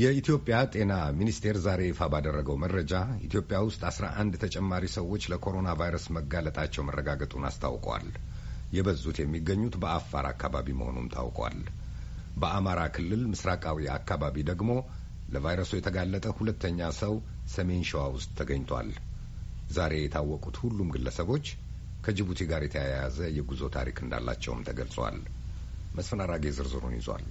የኢትዮጵያ ጤና ሚኒስቴር ዛሬ ይፋ ባደረገው መረጃ ኢትዮጵያ ውስጥ አስራ አንድ ተጨማሪ ሰዎች ለኮሮና ቫይረስ መጋለጣቸው መረጋገጡን አስታውቋል። የበዙት የሚገኙት በአፋር አካባቢ መሆኑም ታውቋል። በአማራ ክልል ምስራቃዊ አካባቢ ደግሞ ለቫይረሱ የተጋለጠ ሁለተኛ ሰው ሰሜን ሸዋ ውስጥ ተገኝቷል። ዛሬ የታወቁት ሁሉም ግለሰቦች ከጅቡቲ ጋር የተያያዘ የጉዞ ታሪክ እንዳላቸውም ተገልጿል። መስፍን አራጌ ዝርዝሩን ይዟል።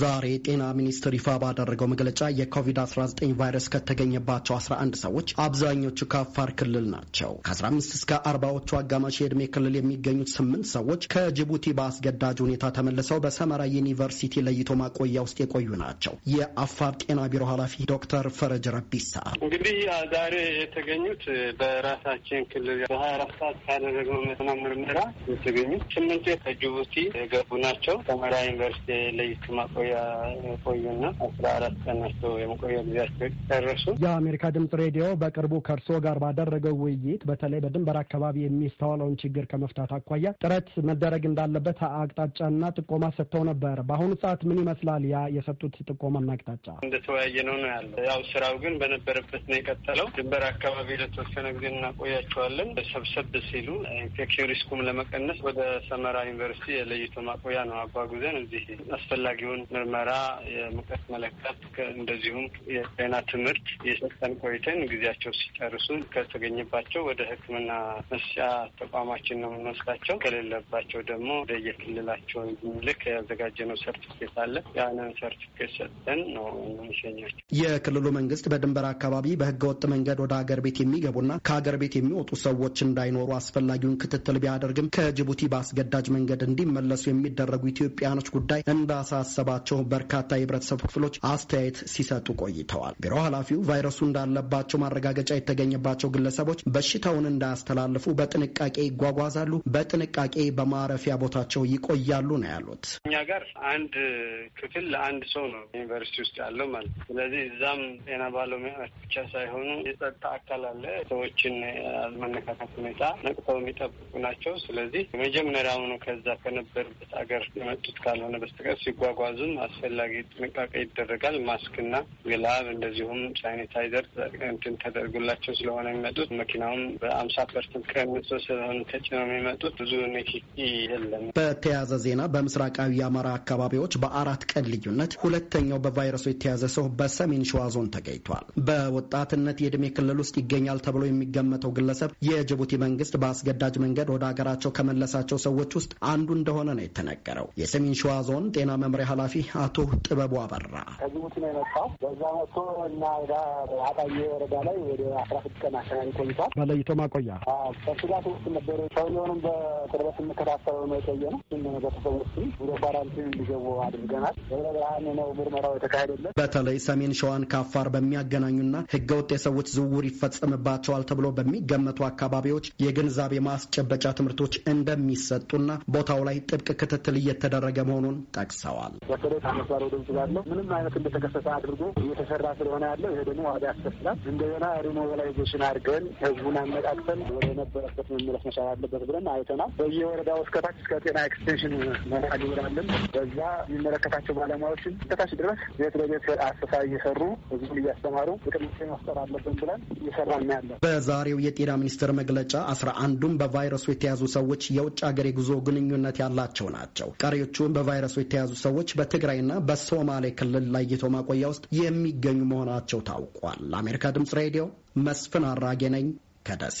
ዛሬ ጤና ሚኒስቴር ይፋ ባደረገው መግለጫ የኮቪድ-19 ቫይረስ ከተገኘባቸው 11 ሰዎች አብዛኞቹ ከአፋር ክልል ናቸው። ከ15 እስከ 40ዎቹ አጋማሽ የዕድሜ ክልል የሚገኙት ስምንት ሰዎች ከጅቡቲ በአስገዳጅ ሁኔታ ተመልሰው በሰመራ ዩኒቨርሲቲ ለይቶ ማቆያ ውስጥ የቆዩ ናቸው። የአፋር ጤና ቢሮ ኃላፊ ዶክተር ፈረጅ ረቢሳ እንግዲህ ዛሬ የተገኙት በራሳችን ክልል በሀያ አራት ሰዓት ካደረግነው መና ምርመራ የተገኙት ስምንቱ ከጅቡቲ የገቡ ናቸው። ሰመራ ዩኒቨርሲቲ ለይቶ የቆዩና አስራ አራት ቀን ናቸው ጊዜያቸው ደረሱ። የአሜሪካ ድምጽ ሬዲዮ በቅርቡ ከእርስዎ ጋር ባደረገው ውይይት በተለይ በድንበር አካባቢ የሚስተዋለውን ችግር ከመፍታት አኳያ ጥረት መደረግ እንዳለበት አቅጣጫና ጥቆማ ሰጥተው ነበር። በአሁኑ ሰዓት ምን ይመስላል ያ የሰጡት ጥቆማና አቅጣጫ? እንደተወያየ ነው ነው ያለው። ያው ስራው ግን በነበረበት ነው የቀጠለው። ድንበር አካባቢ ለተወሰነ ጊዜ እናቆያቸዋለን። ሰብሰብ ሲሉ ኢንፌክሽን ሪስኩም ለመቀነስ ወደ ሰመራ ዩኒቨርሲቲ የለይቶ ማቆያ ነው አጓጉዘን እዚህ አስፈላጊውን ምርመራ፣ የሙቀት መለካት እንደዚሁም የጤና ትምህርት የሰጠን ቆይተን ጊዜያቸው ሲጨርሱ ከተገኘባቸው ወደ ሕክምና መስጫ ተቋማችን ነው የምንወስዳቸው። ከሌለባቸው ደግሞ ወደ የክልላቸው ልክ ያዘጋጀነው ሰርቲፊኬት አለ። ያንን ሰርቲፊኬት ሰጠን ነው የምንሸኛቸው። የክልሉ መንግስት በድንበር አካባቢ በህገወጥ መንገድ ወደ ሀገር ቤት የሚገቡና ከሀገር ቤት የሚወጡ ሰዎች እንዳይኖሩ አስፈላጊውን ክትትል ቢያደርግም ከጅቡቲ በአስገዳጅ መንገድ እንዲመለሱ የሚደረጉ ኢትዮጵያኖች ጉዳይ እንዳሳሰባ እንዳለባቸው በርካታ የህብረተሰብ ክፍሎች አስተያየት ሲሰጡ ቆይተዋል። ቢሮ ኃላፊው ቫይረሱ እንዳለባቸው ማረጋገጫ የተገኘባቸው ግለሰቦች በሽታውን እንዳያስተላልፉ በጥንቃቄ ይጓጓዛሉ፣ በጥንቃቄ በማረፊያ ቦታቸው ይቆያሉ ነው ያሉት። እኛ ጋር አንድ ክፍል ለአንድ ሰው ነው ዩኒቨርሲቲ ውስጥ ያለው ማለት ነው። ስለዚህ እዛም ጤና ባለሙያ ብቻ ሳይሆኑ የጸጥታ አካል አለ። ሰዎችን ያለመነካካት ሁኔታ ነቅተው የሚጠብቁ ናቸው። ስለዚህ መጀመሪያውኑ ከዛ ከነበሩበት አገር የመጡት ካልሆነ በስተቀር ሲጓጓዙ ለመያዙም አስፈላጊ ጥንቃቄ ይደረጋል። ማስክና ግላብ እንደዚሁም ሳኒታይዘር እንትን ተደርጎላቸው ስለሆነ የሚመጡት መኪናውም በአምሳ ፐርሰንት ቀንሶ ስለሆነ ተጭነው የሚመጡት ብዙ ንክኪ የለም። በተያያዘ ዜና በምስራቃዊ የአማራ አካባቢዎች በአራት ቀን ልዩነት ሁለተኛው በቫይረሱ የተያዘ ሰው በሰሜን ሸዋ ዞን ተገኝቷል። በወጣትነት የእድሜ ክልል ውስጥ ይገኛል ተብሎ የሚገመተው ግለሰብ የጅቡቲ መንግስት በአስገዳጅ መንገድ ወደ ሀገራቸው ከመለሳቸው ሰዎች ውስጥ አንዱ እንደሆነ ነው የተነገረው። የሰሜን ሸዋ ዞን ጤና መምሪያ ኃላፊ ኃላፊ አቶ ጥበቡ አበራ ከጅቡቲ ነው የመጣው። በዛ መጥቶ እና አጣዬ ወረዳ ላይ ወደ አስራ ስድስት ቀን አካባቢ ቆይቷል። በለይቶ ማቆያ ከሱዳት ውስጥ ነበረ። ሰውየውንም በቅርበት የምከታተለው ነው የቆየ ነው። ቤተሰብ ውስጥ ወደ ኳራንቲን እንዲገቡ አድርገናል። ብርሃን ነው ምርመራው የተካሄደለት። በተለይ ሰሜን ሸዋን ከአፋር በሚያገናኙና ህገወጥ የሰዎች ዝውውር ይፈጸምባቸዋል ተብሎ በሚገመቱ አካባቢዎች የግንዛቤ ማስጨበጫ ትምህርቶች እንደሚሰጡና ቦታው ላይ ጥብቅ ክትትል እየተደረገ መሆኑን ጠቅሰዋል። መሰረት አመባር ድምጽ ባለው ምንም አይነት እንደተከሰተ አድርጎ እየተሰራ ስለሆነ ያለው ይሄ ደግሞ ዋጋ ያስከፍላል። እንደገና ሪሞባላይዜሽን አድርገን ህዝቡን አነቃቅተን ወደ ነበረበት መመለስ መቻል አለበት ብለን አይተናል። በየወረዳው እስከታች እስከ ጤና ኤክስቴንሽን መራ ይወራለን። በዛ የሚመለከታቸው ባለሙያዎችን እስከታች ድረስ ቤት ለቤት አሰሳ እየሰሩ ህዝቡን እያስተማሩ ጥቅምሴ መፍጠር አለብን ብለን እየሰራ ያለ በዛሬው የጤና ሚኒስቴር መግለጫ አስራ አንዱም በቫይረሱ የተያዙ ሰዎች የውጭ ሀገር የጉዞ ግንኙነት ያላቸው ናቸው። ቀሪዎቹም በቫይረሱ የተያዙ ሰዎች በትግራይና በሶማሌ ክልል ለይቶ ማቆያ ውስጥ የሚገኙ መሆናቸው ታውቋል። ለአሜሪካ ድምጽ ሬዲዮ መስፍን አራጌ ነኝ ከደሴ